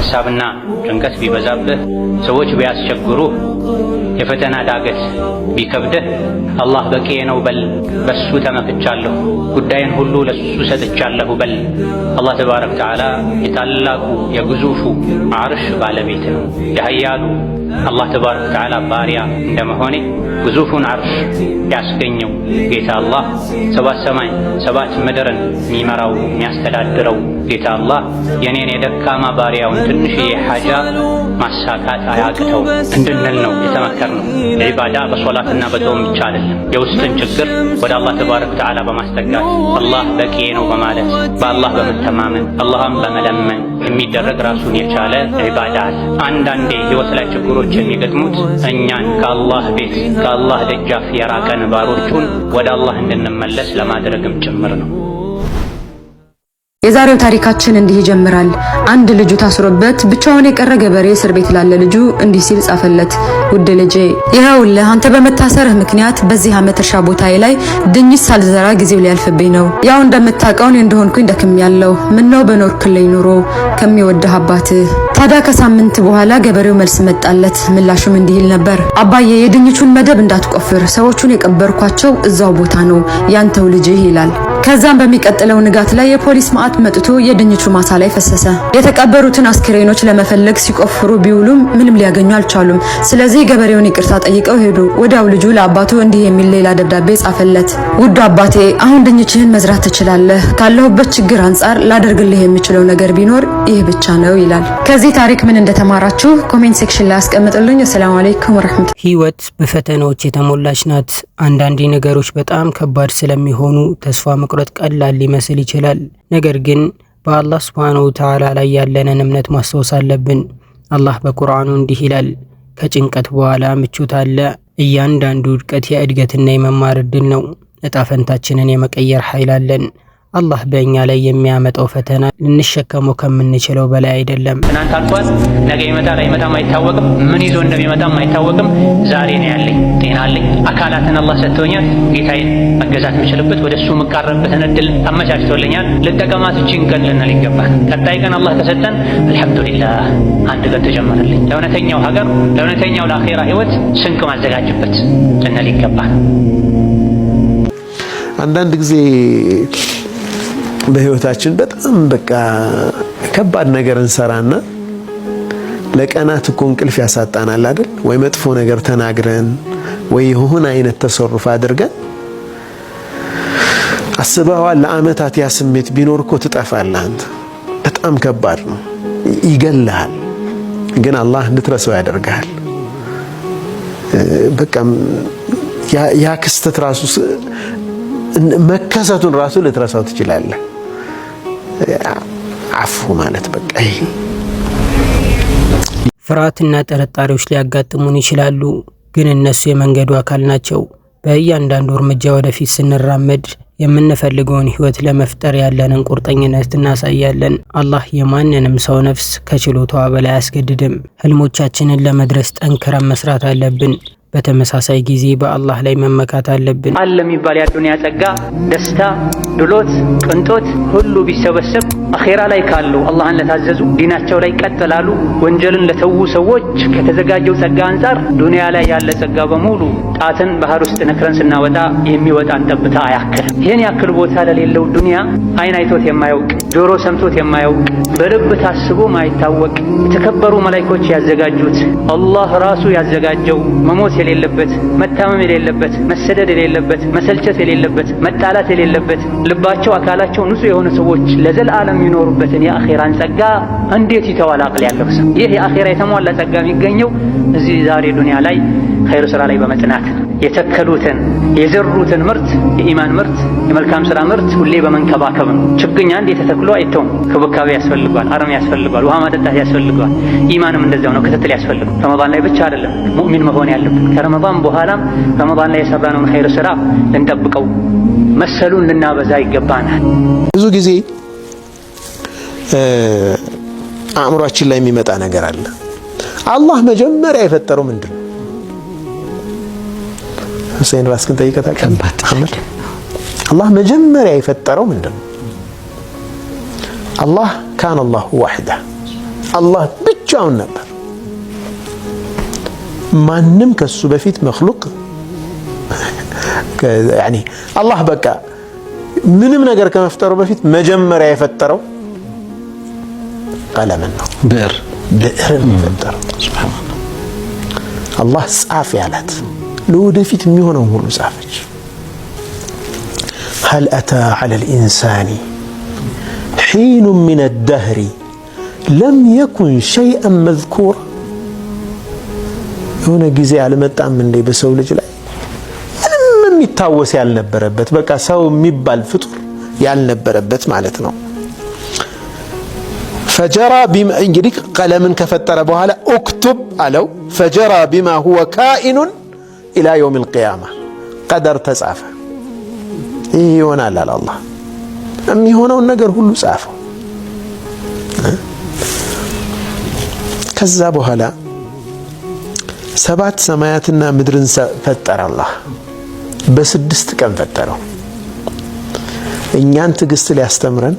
ሐሳብና ጭንቀት ቢበዛብህ፣ ሰዎች ቢያስቸግሩህ፣ የፈተና ዳገት ቢከብድህ፣ አላህ በቂዬ ነው በል። በሱ ተመክቻለሁ፣ ጉዳይን ሁሉ ለሱ ሰጥቻለሁ በል። አላህ ተባረከ ወተዓላ የታላቁ የግዙፉ አርሽ ባለቤት ነው የሀያሉ አላህ ተባረከ ወተዓላ ባሪያ እንደመሆኔ ግዙፉን አርሽ ያስገኘው ጌታ አላህ ሰባት ሰማይ ሰባት ምድርን የሚመራው የሚያስተዳድረው ጌታ አላህ የኔን የደካማ ባሪያውን ትንሽዬ ሓጃ ማሳካት አያቅተውም እንድንል ነው የተመከርነው። ዒባዳ በሶላትና በጾም ብቻ አይደለም። የውስጥን ችግር ወደ አላህ ተባረክ ወተዓላ በማስጠጋት አላህ በቂዬ ነው በማለት በአላህ በመተማመን አላህም በመለመን የሚደረግ ራሱን የቻለ ዒባዳ አለ። አንዳንዴ ህይወት ላይ ችግሮች የሚገጥሙት እኛን ከአላህ ቤት ከአላህ ደጃፍ የራቀን ባሮቹን ወደ አላህ እንድንመለስ ለማድረግም ጭምር ነው። የዛሬው ታሪካችን እንዲህ ይጀምራል። አንድ ልጁ ታስሮበት ብቻውን የቀረ ገበሬ እስር ቤት ላለ ልጁ እንዲህ ሲል ጻፈለት። ውድ ልጄ፣ ይኸውልህ አንተ በመታሰርህ ምክንያት በዚህ ዓመት እርሻ ቦታዬ ላይ ድኝስ ሳልዘራ ጊዜው ሊያልፍብኝ ነው። ያው እንደምታውቀው እኔ እንደሆንኩኝ ደክሜያለሁ። ምነው በኖርክልኝ ኑሮ ከሚወድህ አባትህ ታዲያ ከሳምንት በኋላ ገበሬው መልስ መጣለት። ምላሹም እንዲህ ይል ነበር። አባዬ የድንቹን መደብ እንዳትቆፍር፣ ሰዎቹን የቀበርኳቸው እዛው ቦታ ነው ያንተው ልጅህ ይላል። ከዛም በሚቀጥለው ንጋት ላይ የፖሊስ ማዕት መጥቶ የድንቹ ማሳ ላይ ፈሰሰ። የተቀበሩትን አስክሬኖች ለመፈለግ ሲቆፍሩ ቢውሉም ምንም ሊያገኙ አልቻሉም። ስለዚህ ገበሬውን ይቅርታ ጠይቀው ሄዱ። ወዲያው ልጁ ለአባቱ እንዲህ የሚል ሌላ ደብዳቤ ጻፈለት። ውዱ አባቴ፣ አሁን ድንችህን መዝራት ትችላለህ። ካለሁበት ችግር አንጻር ላደርግልህ የምችለው ነገር ቢኖር ይህ ብቻ ነው ይላል። ከዚህ ታሪክ ምን እንደተማራችሁ ኮሜንት ሴክሽን ላይ አስቀምጡልኝ። አሰላሙ አለይኩም ወረህመቱ። ህይወት በፈተናዎች የተሞላች ናት። አንዳንዴ ነገሮች በጣም ከባድ ስለሚሆኑ ተስፋ መቁረጥ ቀላል ሊመስል ይችላል። ነገር ግን በአላህ ሱብሓነሁ ወተዓላ ላይ ያለንን እምነት ማስታወስ አለብን። አላህ በቁርአኑ እንዲህ ይላል፣ ከጭንቀት በኋላ ምቾት አለ። እያንዳንዱ ውድቀት የእድገትና የመማር እድል ነው። እጣፈንታችንን የመቀየር ኃይል አለን። አላህ በእኛ ላይ የሚያመጣው ፈተና ልንሸከመው ከምንችለው በላይ አይደለም። ትናንት አልፏል፣ ነገ ይመጣል አይመጣም አይታወቅም። ምን ይዞ እንደሚመጣም አይታወቅም። ዛሬ ነው ያለኝ፣ ጤና አለኝ፣ አካላትን አላህ ሰጥቶኛል። ጌታዬን መገዛት የምችልበት ወደ እሱ የምቃረብበትን እድል አመቻችቶልኛል። ልጠቀማት እችን ቀን ልንል ይገባል። ቀጣይ ቀን አላህ ከሰጠን አልሐምዱሊላህ፣ አንድ ቀን ተጨመረልኝ። ለእውነተኛው ሀገር፣ ለእውነተኛው ለአኼራ ህይወት ስንቅ ማዘጋጅበት ልንል ይገባል። አንዳንድ ጊዜ በህይወታችን በጣም በቃ ከባድ ነገር እንሰራና ለቀናት እኮ እንቅልፍ ያሳጣናል አይደል? ወይ መጥፎ ነገር ተናግረን ወይ የሆነ አይነት ተሰሩፍ አድርገን አስበዋል። ለአመታት ያ ስሜት ቢኖር እኮ ትጠፋለህ አንተ። በጣም ከባድ ነው፣ ይገልሃል። ግን አላህ እንድትረሳው ያደርግሃል። በቃ ያ ክስተት ራሱ መከሰቱን ራሱ ልትረሳው ትችላለህ። አፉ ማለት በቃ ይሄ ፍርሃትና ጥርጣሬዎች ሊያጋጥሙን ይችላሉ፣ ግን እነሱ የመንገዱ አካል ናቸው። በእያንዳንዱ እርምጃ ወደፊት ስንራመድ የምንፈልገውን ህይወት ለመፍጠር ያለንን ቁርጠኝነት እናሳያለን። አላህ የማንንም ሰው ነፍስ ከችሎታዋ በላይ አያስገድድም። ህልሞቻችንን ለመድረስ ጠንክረን መስራት አለብን። በተመሳሳይ ጊዜ በአላህ ላይ መመካት አለብን። አለ የሚባል የአዱንያ ጸጋ፣ ደስታ፣ ድሎት፣ ቅንጦት ሁሉ ቢሰበሰብ አኼራ ላይ ካሉ አላህን ለታዘዙ ዲናቸው ላይ ቀጥ ላሉ ወንጀልን ለተዉ ሰዎች ከተዘጋጀው ጸጋ አንጻር ዱንያ ላይ ያለ ጸጋ በሙሉ ጣትን ባህር ውስጥ ነክረን ስናወጣ የሚወጣን ጠብታ አያክልም። ይህን ያክል ቦታ ለሌለው ዱንያ አይን አይቶት የማያውቅ ጆሮ ሰምቶት የማያውቅ በልብ ታስቦ ማይታወቅ የተከበሩ መላይኮች ያዘጋጁት አላህ ራሱ ያዘጋጀው መሞት የሌለበት፣ መታመም የሌለበት፣ መሰደድ የሌለበት፣ መሰልቸት የሌለበት፣ መጣላት የሌለበት፣ ልባቸው አካላቸው ንጹህ የሆነ ሰዎች ለዘላለም የሚኖሩበትን የአኼራን ጸጋ እንዴት ይተዋል አቅል ያለው ሰው? ይህ የአኼራ የተሟላ ጸጋ የሚገኘው እዚህ ዛሬ ዱንያ ላይ ኸይር ስራ ላይ በመጽናት የተከሉትን የዘሩትን ምርት የኢማን ምርት የመልካም ስራ ምርት ሁሌ በመንከባከብ ነው። ችግኝ አንድ የተተክሎ አይተውም። ክብካቤ ያስፈልገዋል፣ አረም ያስፈልገዋል፣ ውሃ ማጠጣት ያስፈልገዋል። ኢማንም እንደዚያው ነው፣ ክትትል ያስፈልገው። ረመዳን ላይ ብቻ አይደለም ሙእሚን መሆን ያለብን። ከረመዳን በኋላም ረመዳን ላይ የሰራነውን ኸይር ስራ ልንጠብቀው፣ መሰሉን ልናበዛ ይገባናል። ብዙ ጊዜ አእምሯችን ላይ የሚመጣ ነገር አለ። አላህ መጀመሪያ የፈጠረው ምንድን ነው? ሁሴን ራስህን ጠይቀህ ታውቃለህ? አላህ መጀመሪያ የፈጠረው ምንድን ነው? አላህ ካነ አላሁ ዋሂዳ አላህ ብቻውን ነበር። ማንም ከሱ በፊት መክሉቅ አላህ በቃ ምንም ነገር ከመፍጠሩ በፊት መጀመሪያ የፈጠረው ቀለምን ነው። ብዕር ብዕርን የፈጠረው አላህ ጻፍ ያላት ለወደፊት የሚሆነው ሁሉ ጻፈች። ሀል አታ ዐለ ልኢንሳኒ ሒኑ ሚነ ደህሪ ለም የኩን ሸይአን መዝኩር የሆነ ጊዜ አልመጣም እንዴ በሰው ልጅ ላይ ምንም የሚታወስ ያልነበረበት በቃ ሰው የሚባል ፍጡር ያልነበረበት ማለት ነው። ፈጀራ እንግዲህ ቀለምን ከፈጠረ በኋላ ኡክቱብ አለው። ፈጀራ ቢማ ሁወ ካኢኑን ኢላ የውም ልቅያማ ቀደር ተጻፈ። ይህ ይሆናል አለ አላህ። የሚሆነውን ነገር ሁሉ ጻፈው። ከዛ በኋላ ሰባት ሰማያትና ምድርን ፈጠረ አላህ። በስድስት ቀን ፈጠረው። እኛን ትዕግስት ሊያስተምረን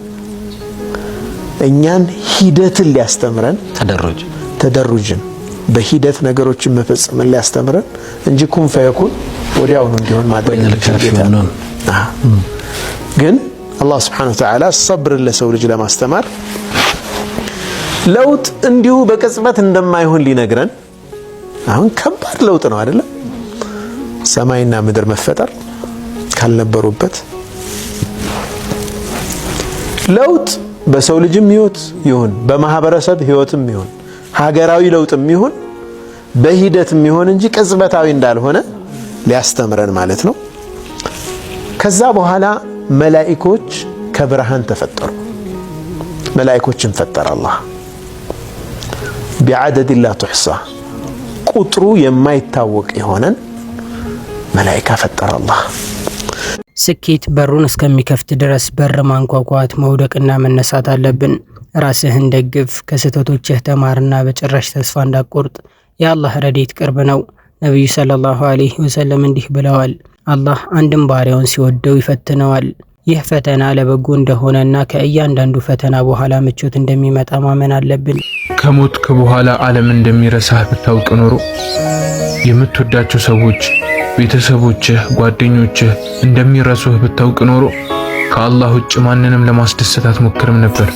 እኛን ሂደትን ሊያስተምረን ተደሩጅን በሂደት ነገሮችን መፈጸምን ሊያስተምረን እንጂ ኩን ፈየኩን ወዲያውኑ እንዲሆን ማድረግ ግን አላህ ስብሐነሁ ወተዓላ ሰብርን ለሰው ልጅ ለማስተማር ለውጥ እንዲሁ በቅጽበት እንደማይሆን ሊነግረን አሁን ከባድ ለውጥ ነው አይደለም? ሰማይና ምድር መፈጠር ካልነበሩበት ለውጥ በሰው ልጅም ህይወት ይሁን በማህበረሰብ ህይወትም ይሁን ሀገራዊ ለውጥ የሚሆን በሂደት የሚሆን እንጂ ቅጽበታዊ እንዳልሆነ ሊያስተምረን ማለት ነው። ከዛ በኋላ መላኢኮች ከብርሃን ተፈጠሩ። መላኢኮችን ፈጠረ አላህ። ቢዓደድ ላ ቱሕሳ ቁጥሩ የማይታወቅ የሆነን መላኢካ ፈጠረ አላህ። ስኬት በሩን እስከሚከፍት ድረስ በር ማንኳኳት፣ መውደቅና መነሳት አለብን። ራስህን ደግፍ፣ ከስህተቶችህ ተማርና በጭራሽ ተስፋ እንዳቆርጥ የአላህ ረዴት ቅርብ ነው። ነቢዩ ሰለላሁ አለይህ ወሰለም እንዲህ ብለዋል፣ አላህ አንድም ባሪያውን ሲወደው ይፈትነዋል። ይህ ፈተና ለበጎ እንደሆነና ከእያንዳንዱ ፈተና በኋላ ምቾት እንደሚመጣ ማመን አለብን። ከሞትክ በኋላ ዓለም እንደሚረሳህ ብታውቅ ኖሮ የምትወዳቸው ሰዎች፣ ቤተሰቦችህ፣ ጓደኞችህ እንደሚረሱህ ብታውቅ ኖሮ ከአላህ ውጭ ማንንም ለማስደሰት አትሞክርም ነበር።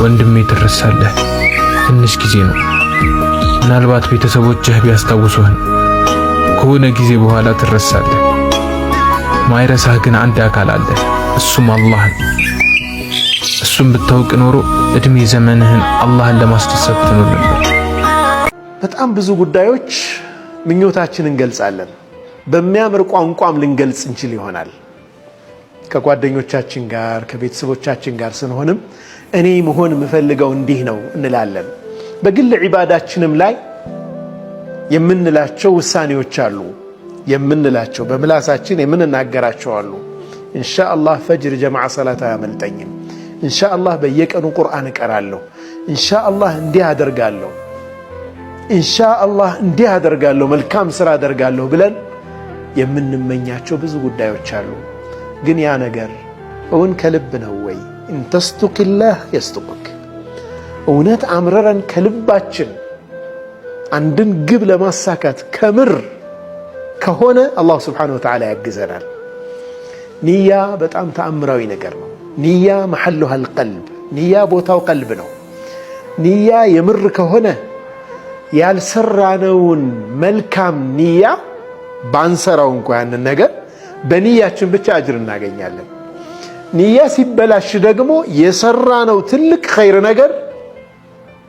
ወንድሜ ትረሳለህ። ትንሽ ጊዜ ነው። ምናልባት ቤተሰቦችህ ቢያስታውሱህን ከሆነ ጊዜ በኋላ ትረሳለህ። ማይረሳህ ግን አንድ አካል አለ፣ እሱም አላህ ነው። እሱም ብታውቅ ኖሮ እድሜ ዘመንህን አላህን ለማስደሰት ትኖር ነበር። በጣም ብዙ ጉዳዮች ምኞታችን እንገልጻለን፣ በሚያምር ቋንቋም ልንገልጽ እንችል ይሆናል። ከጓደኞቻችን ጋር ከቤተሰቦቻችን ጋር ስንሆንም እኔ መሆን የምፈልገው እንዲህ ነው እንላለን። በግል ዒባዳችንም ላይ የምንላቸው ውሳኔዎች አሉ። የምንላቸው በምላሳችን የምንናገራቸው አሉ። እንሻ ፈጅር ጀማዓ ሰላት አያመልጠኝም፣ እንሻ በየቀኑ ቁርአን እቀራለሁ፣ እንሻ እንዲህ አደርጋለሁ፣ እንሻ እንዲህ አደርጋለሁ፣ መልካም ስራ አደርጋለሁ ብለን የምንመኛቸው ብዙ ጉዳዮች አሉ። ግን ያ ነገር እውን ከልብ ነው ወይ? እንተስቱቅላህ የስቱቁክ። እውነት አምረረን ከልባችን አንድን ግብ ለማሳካት ከምር ከሆነ አላህ ስብሓነሁ ወተዓላ ያግዘናል። ንያ በጣም ተአምራዊ ነገር ነው። ንያ መሐሉሃል ቀልብ፣ ንያ ቦታው ቀልብ ነው። ንያ የምር ከሆነ ያልሰራነውን መልካም ንያ ባንሰራው እንኳ ያንን ነገር በንያችን ብቻ አጅር እናገኛለን። ንያ ሲበላሽ ደግሞ የሰራነው ትልቅ ኸይር ነገር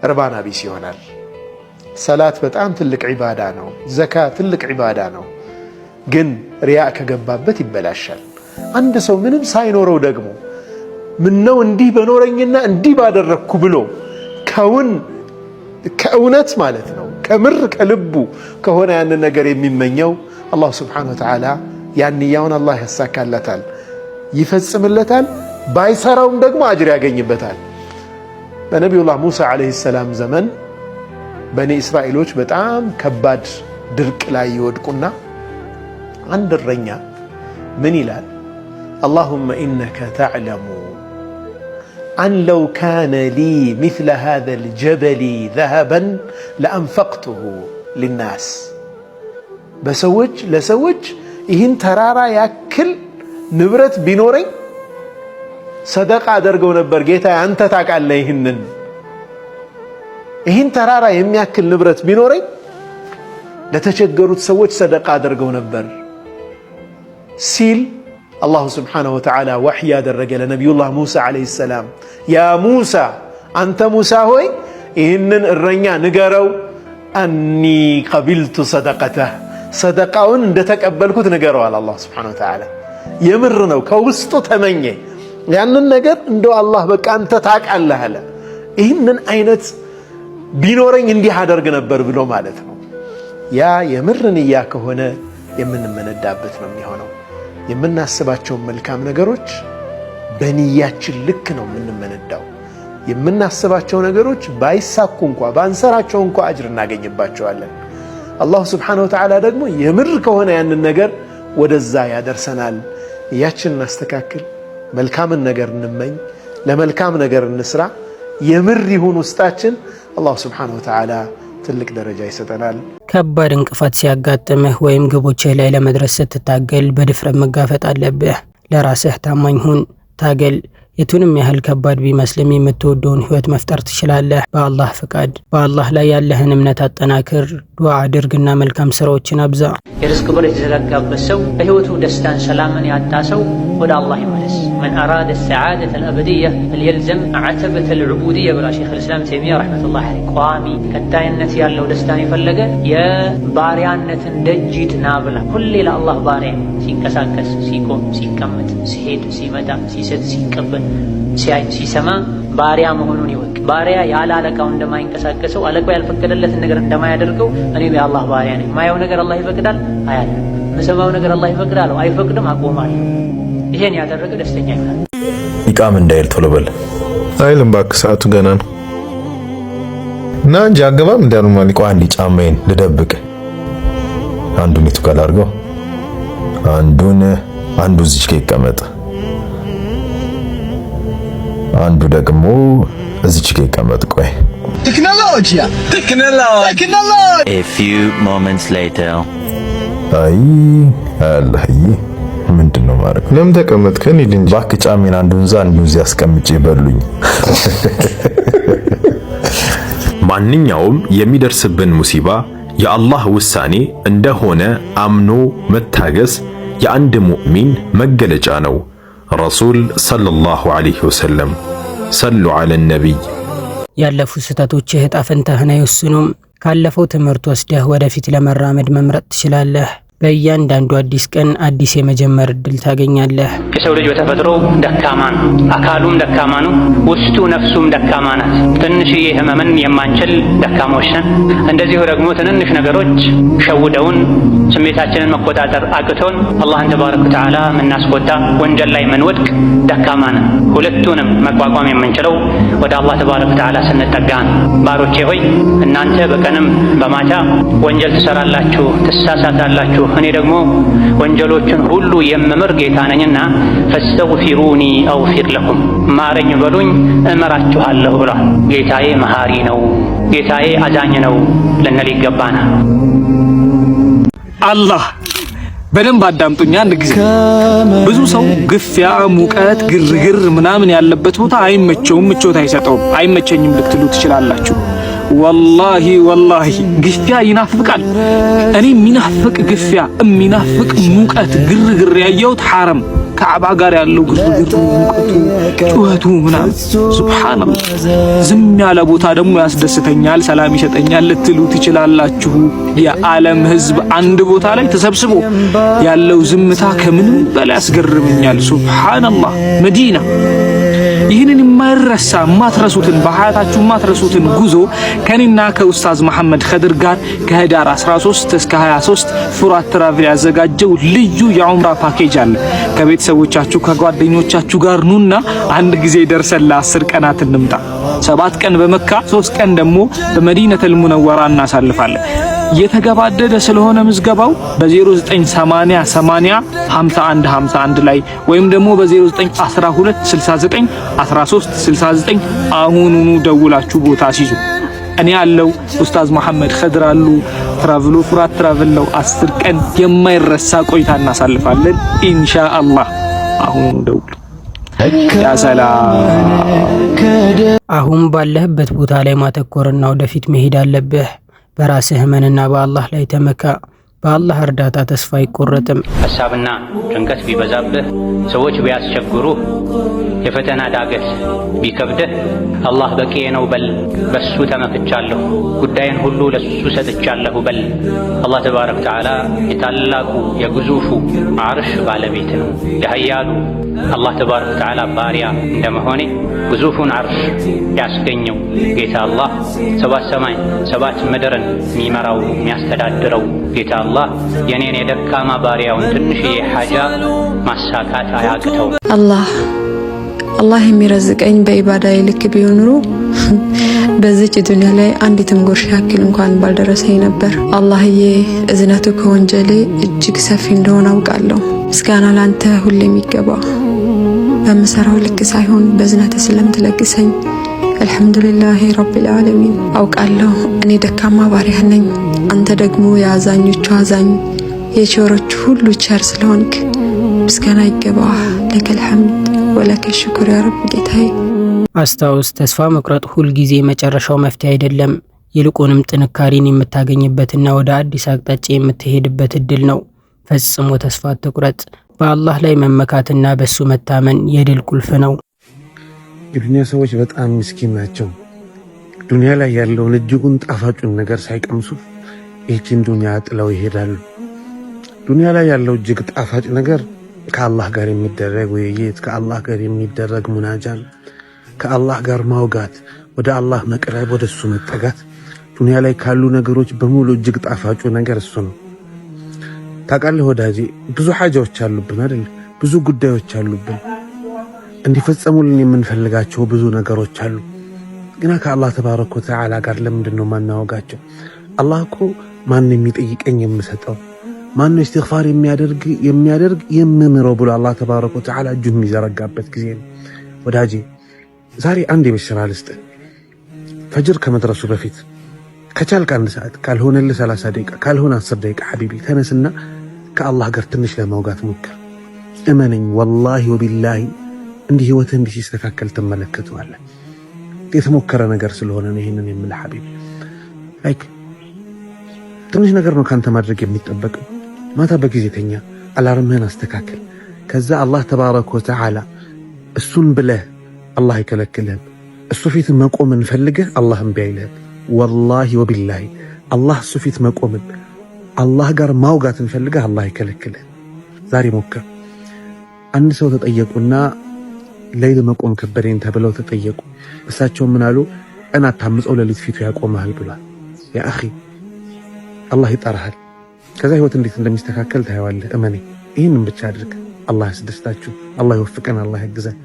እርባና ቢስ ይሆናል። ሰላት በጣም ትልቅ ዒባዳ ነው። ዘካ ትልቅ ዒባዳ ነው። ግን ሪያእ ከገባበት ይበላሻል። አንድ ሰው ምንም ሳይኖረው ደግሞ ምነው እንዲህ በኖረኝና እንዲህ ባደረግኩ ብሎ ከውን ከእውነት ማለት ነው ከምር ከልቡ ከሆነ ያንን ነገር የሚመኘው አላህ ስብሓነሁ ወተዓላ ያን አላህ ያሳካለታል፣ ይፈጽምለታል። ባይሰራውም ደግሞ አጅር ያገኝበታል። በነቢዩላህ ሙሳ ዓለይሂ ሰላም ዘመን በኒ እስራኤሎች በጣም ከባድ ድርቅ ላይ ይወድቁና አንድ እረኛ ምን ይላል? አላሁመ ኢነከ ተዕለሙ አን ለው ካነ ሊ ሚስለ ሃዘል ጀበሊ ዘሀበን ለአንፈቅቱሁ ሊናስ በሰዎች ለሰዎች ይህን ተራራ ያክል ንብረት ቢኖረኝ ሰደቃ አደርገው ነበር። ጌታ አንተ ታውቃለህ። ይህንን ይህን ተራራ የሚያክል ንብረት ቢኖረኝ ለተቸገሩት ሰዎች ሰደቃ አደርገው ነበር ሲል አላሁ ስብሓነሁ ወተዓላ ዋሕይ ያደረገ ለነቢዩላህ ሙሳ ዓለይሂ ሰላም፣ ያ ሙሳ አንተ ሙሳ ሆይ ይህንን እረኛ ንገረው አኒ ቀቢልቱ ሰደቀተህ ሰደቃውን እንደተቀበልኩት ንገረዋል። አላህ ሱብሓነሁ ወተዓላ የምር ነው ከውስጡ ተመኘ ያንን ነገር እንደው አላህ በቃ አንተ ታውቃለህ አለ። ይህንን አይነት ቢኖረኝ እንዲህ አደርግ ነበር ብሎ ማለት ነው። ያ የምር ንያ ከሆነ የምንመነዳበት ነው የሚሆነው። የምናስባቸውን መልካም ነገሮች በንያችን ልክ ነው የምንመነዳው። የምናስባቸው ነገሮች ባይሳኩ እንኳ ባንሰራቸው እንኳ አጅር እናገኝባቸዋለን። አላሁ ስብሓነሁ ወተዓላ ደግሞ የምር ከሆነ ያንን ነገር ወደዛ ያደርሰናል። ያችን እናስተካክል፣ መልካምን ነገር እንመኝ፣ ለመልካም ነገር እንስራ። የምር ይሁን ውስጣችን፣ አላሁ ስብሓነሁ ወተዓላ ትልቅ ደረጃ ይሰጠናል። ከባድ እንቅፋት ሲያጋጥምህ ወይም ግቦችህ ላይ ለመድረስ ስትታገል በድፍረት መጋፈጥ አለብህ። ለራስህ ታማኝ ሁን፣ ታገል። የቱንም ያህል ከባድ ቢመስልም የምትወደውን ህይወት መፍጠር ትችላለህ። በአላህ ፍቃድ፣ በአላህ ላይ ያለህን እምነት አጠናክር። ዱዓ አድርግና መልካም ስራዎችን አብዛ። የርዝቅ በር የተዘጋጋበት ሰው በሕይወቱ ደስታን፣ ሰላምን ያጣ ሰው ወደ አላህ ይመለስ። መን አራደ ሰዓደተ ልአብድያ ፈልየልዘም አተበተ ልዕቡድያ ብላ ሼክ ልእስላም ተይሚያ ረሕመቱላህ ዐለይህ። ቋሚ ቀጣይነት ያለው ደስታን የፈለገ የባሪያነትን ደጅ ይጥና ብላ። ሁሌ ለአላህ ባሪያ ሲንቀሳቀስ፣ ሲቆም፣ ሲቀመጥ፣ ሲሄድ፣ ሲመጣ፣ ሲሰጥ፣ ሲቀበል፣ ሲያይ፣ ሲሰማ ባሪያ መሆኑን ይወቅ። ባሪያ ያለ አለቃው እንደማይንቀሳቀሰው አለቃው ያልፈቀደለትን ነገር እንደማያደርገው እኔም የአላህ ባሪያ ነኝ። ማየው ነገር አላህ ይፈቅዳል፣ አያለም። ምሰማው ነገር አላህ ይፈቅዳል፣ አይፈቅድም፣ አቆማለሁ። ይሄን ያደረገ ደስተኛ ይሆናል። ኢቃም እንዳይል ቶሎ በል አይልም። እባክህ ሰዓቱ ገና ነው እና እንጂ አገባም እንዳሉ ማሊቆ አንድ ጫማዬን ልደብቅ አንዱን የቱ ጋር አድርገው አንዱን አንዱ እዚህ ጋር ይቀመጥ አንዱ ደግሞ እዚች ጋ ይቀመጥ። ቆይ ቴክኖሎጂ ቴክኖሎጂ አይ አላህዬ ምንድን ነው ማድረግ? ለምን ተቀመጥከን? ይልን ባክ እባክህ። ጫሜን አንዱን እዛ አንዱን እዚህ አስቀምጬ በሉኝ። ማንኛውም የሚደርስብን ሙሲባ የአላህ ውሳኔ እንደሆነ አምኖ መታገስ የአንድ ሙእሚን መገለጫ ነው። ረሱል ሰለላሁ ዐለይሂ ወሰለም ሰሉ ዐለ ነቢይ። ያለፉ ስህተቶችህ ዕጣ ፈንታህን አይወስኑም። ካለፈው ትምህርት ወስደህ ወደፊት ለመራመድ መምረጥ ትችላለህ። በእያንዳንዱ አዲስ ቀን አዲስ የመጀመር እድል ታገኛለህ። የሰው ልጅ በተፈጥሮ ደካማ ነው። አካሉም ደካማ ነው። ውስጡ ነፍሱም ደካማ ናት። ትንሽዬ ህመምን የማንችል ደካሞች ነን። እንደዚሁ ደግሞ ትንንሽ ነገሮች ሸውደውን ስሜታችንን መቆጣጠር አቅቶን አላህን ተባረከ ወተዓላ የምናስቆጣ ወንጀል ላይ ምንወድቅ ደካማ ነን። ሁለቱንም መቋቋም የምንችለው ወደ አላህ ተባረከ ወተዓላ ስንጠጋ ነው። ባሮቼ ሆይ እናንተ በቀንም በማታ ወንጀል ትሰራላችሁ፣ ትሳሳታላችሁ እኔ ደግሞ ወንጀሎችን ሁሉ የምምር ጌታ ነኝና ፈስተግፊሩኒ አውፊር ለኩም ማረኝ በሉኝ እምራችኋለሁ ብሏል። ጌታዬ መሃሪ ነው፣ ጌታዬ አዛኝ ነው ልንል ይገባናል። አላህ በደንብ አዳምጡኛ። አንድ ጊዜ ብዙ ሰው ግፊያ፣ ሙቀት፣ ግርግር ምናምን ያለበት ቦታ አይመቸውም፣ ምቾት አይሰጠውም። አይመቸኝም ልትሉ ትችላላችሁ። ወላሂ ወላሂ ግፊያ ይናፍቃል። እኔ የሚናፍቅ ግፊያ የሚናፍቅ ሙቀት ግርግር ያየሁት ሐረም ከዓባ ጋር ያለው ግርግር ሙቀቱ፣ ጩኸቱ ምናምን ሱብሓነላህ። ዝም ያለ ቦታ ደግሞ ያስደስተኛል፣ ሰላም ይሰጠኛል ልትሉ ትችላላችሁ። የዓለም ህዝብ አንድ ቦታ ላይ ተሰብስቦ ያለው ዝምታ ከምንም በላይ ያስገርመኛል። ሱብሓነላህ መዲና ይህንን የማይረሳ ማትረሱትን በሀያታችሁ ማትረሱትን ጉዞ ከኔና ከኡስታዝ መሐመድ ከድር ጋር ከህዳር 13 እስከ 23 ፉራት ትራቭል ያዘጋጀው ልዩ የዑምራ ፓኬጅ አለ። ከቤተሰቦቻችሁ ከጓደኞቻችሁ ጋር ኑና አንድ ጊዜ ደርሰን ለአስር ቀናት እንምጣ። ሰባት ቀን በመካ ሶስት ቀን ደግሞ በመዲነተል ሙነወራ እናሳልፋለን። የተገባደደ ስለሆነ ምዝገባው በ0980 51 51 ላይ ወይም ደግሞ በ0912 69 13 69 አሁኑኑ ደውላችሁ ቦታ ሲይዙ እኔ ያለው ኡስታዝ መሐመድ ኸድር አሉ። ትራቭሉ ፍራት ትራቭል ነው። አስር ቀን የማይረሳ ቆይታ እናሳልፋለን ኢንሻአላህ። አሁኑኑ ደውሉ። ያሰላም አሁን ባለህበት ቦታ ላይ ማተኮርና ወደፊት መሄድ አለብህ። በራስህ እመንና በአላህ ላይ ተመካ በአላህ እርዳታ ተስፋ አይቆረጥም። ሀሳብና ጭንቀት ቢበዛብህ፣ ሰዎች ቢያስቸግሩህ፣ የፈተና ዳገት ቢከብድህ አላህ በቂ ነው በል። በሱ ተመክቻለሁ፣ ጉዳይን ሁሉ ለሱ ሰጥቻለሁ በል። አላህ ተባረከ ወተዓላ የታላቁ የግዙፉ አርሽ ባለቤት ነው። የሀያሉ አላህ ተባረከ ወተዓላ ባሪያ እንደመሆኔ ግዙፉን አርሽ ያስገኘው ጌታ አላህ ሰባት ሰማይ ሰባት ምድርን የሚመራው የሚያስተዳድረው ጌታ አላህ የኔን የደካማ ባሪያውን ትንሽዬ ሐጃ ማሳካት አያቅተውም። አላህ አላህ የሚረዝቀኝ በኢባዳ ልክ ቢሆን ኑሮ በዚች ዱንያ ላይ አንዲትም ጉርሻ ያክል እንኳን ባልደረሰኝ ነበር። አላህዬ እዝነቱ ከወንጀሌ እጅግ ሰፊ እንደሆነ አውቃለሁ። ምስጋና ላንተ ሁሌም ይገባ። በምሰራው ልክ ሳይሆን በእዝነት ስለምትለግሰኝ አልሐምዱሊላሂ ረቢል ዓለሚን። አውቃለሁ እኔ ደካማ ባሪያ ነኝ። አንተ ደግሞ የአዛኞቹ አዛኝ የቸሮቹ ሁሉ ቸር ስለሆንክ ምስጋና ይገባዋል። ለከል ሐምድ ወለከ ሽኩር ያረብ ጌታዬ። አስታውስ፣ ተስፋ መቁረጥ ሁልጊዜ መጨረሻው መፍትሄ አይደለም። ይልቁንም ጥንካሬን የምታገኝበትና ወደ አዲስ አቅጣጫ የምትሄድበት እድል ነው። ፈጽሞ ተስፋ አትቁረጥ። በአላህ ላይ መመካትና በሱ መታመን የድል ቁልፍ ነው። የዱንያ ሰዎች በጣም ምስኪን ናቸው። ዱንያ ላይ ያለውን እጅጉን ጣፋጩን ነገር ሳይቀምሱ ይህችን ዱንያ ጥለው ይሄዳሉ። ዱንያ ላይ ያለው እጅግ ጣፋጭ ነገር ከአላህ ጋር የሚደረግ ውይይት፣ ከአላህ ጋር የሚደረግ ሙናጃን፣ ከአላህ ጋር ማውጋት፣ ወደ አላህ መቅረብ፣ ወደ እሱ መጠጋት። ዱንያ ላይ ካሉ ነገሮች በሙሉ እጅግ ጣፋጩ ነገር እሱ ነው። ታውቃለህ ወዳጄ፣ ብዙ ሓጃዎች አሉብን አይደል? ብዙ ጉዳዮች አሉብን፣ እንዲፈጸሙልን የምንፈልጋቸው ብዙ ነገሮች አሉ። ግና ከአላህ ተባረከ ወተዓላ ጋር ለምንድን ነው ማናወጋቸው? አላህ እኮ ማን የሚጠይቀኝ የምሰጠው ማነው እስትግፋር የሚያደርግ የሚያደርግ የምምረው ብሎ አላህ ተባረከ ወተዓላ እጁን የሚዘረጋበት ጊዜ ነው። ወዳጄ ዛሬ አንድ የቤት ልስጥ። ፈጅር ከመድረሱ በፊት ከቻልክ አንድ ሰዓት ካልሆነልህ 30 ደቂቃ ካልሆነ 10 ደቂቃ ሐቢቢ ተነስና ከአላህ ጋር ትንሽ ለማውጋት ሞክር። እመነኝ ወላሂ ወቢላሂ እንዲህ ህይወትህ እንዲህ ሲስተካከል ትመለከተዋለህ። የተሞከረ ነገር ስለሆነ ነው ይህንን የምልህ ሐቢቢ ላይክ ትንሽ ነገር ነው ካንተ ማድረግ የሚጠበቅ ማታ በጊዜ ተኛ፣ አላርምህን አስተካክል። ከዛ አላህ ተባረከ ወተዓላ እሱን ብለህ አላህ አይከለክልህም። እሱ ፊት መቆምን ፈልገህ አላህ እምቢ አይልህም። ወላሂ ወቢላሂ አላህ እሱ ፊት መቆምን አላህ ጋር ማውጋትን ፈልገህ አላህ አይከለክልህም። ዛሬ ሞክር። አንድ ሰው ተጠየቁና ለይል መቆም ከበደኝ ተብለው ተጠየቁ። እሳቸው ምን አሉ? ቀን አታምፀው ለሊት ፊቱ ያቆመሃል ብሏል። ያ አኺ አላህ ይጠራሃል። ከዛ ህይወት እንዴት እንደሚስተካከል ታየዋለህ። እመኔ ይህንም ብቻ አድርግ። አላህ ያስደስታችሁ፣ አላህ ይወፍቀን፣ አላህ ያግዘን።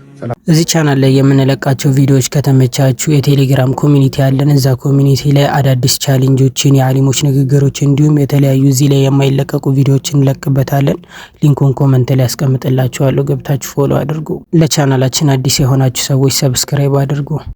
እዚህ ቻናል ላይ የምንለቃቸው ቪዲዮዎች ከተመቻችሁ የቴሌግራም ኮሚኒቲ አለን እዛ ኮሚኒቲ ላይ አዳዲስ ቻሌንጆችን፣ የአሊሞች ንግግሮች እንዲሁም የተለያዩ እዚህ ላይ የማይለቀቁ ቪዲዮዎችን እንለቅበታለን። ሊንኩን ኮመንት ላይ ያስቀምጥላችኋለሁ። ገብታችሁ ፎሎ አድርጉ። ለቻናላችን አዲስ የሆናችሁ ሰዎች ሰብስክራይብ አድርጉ።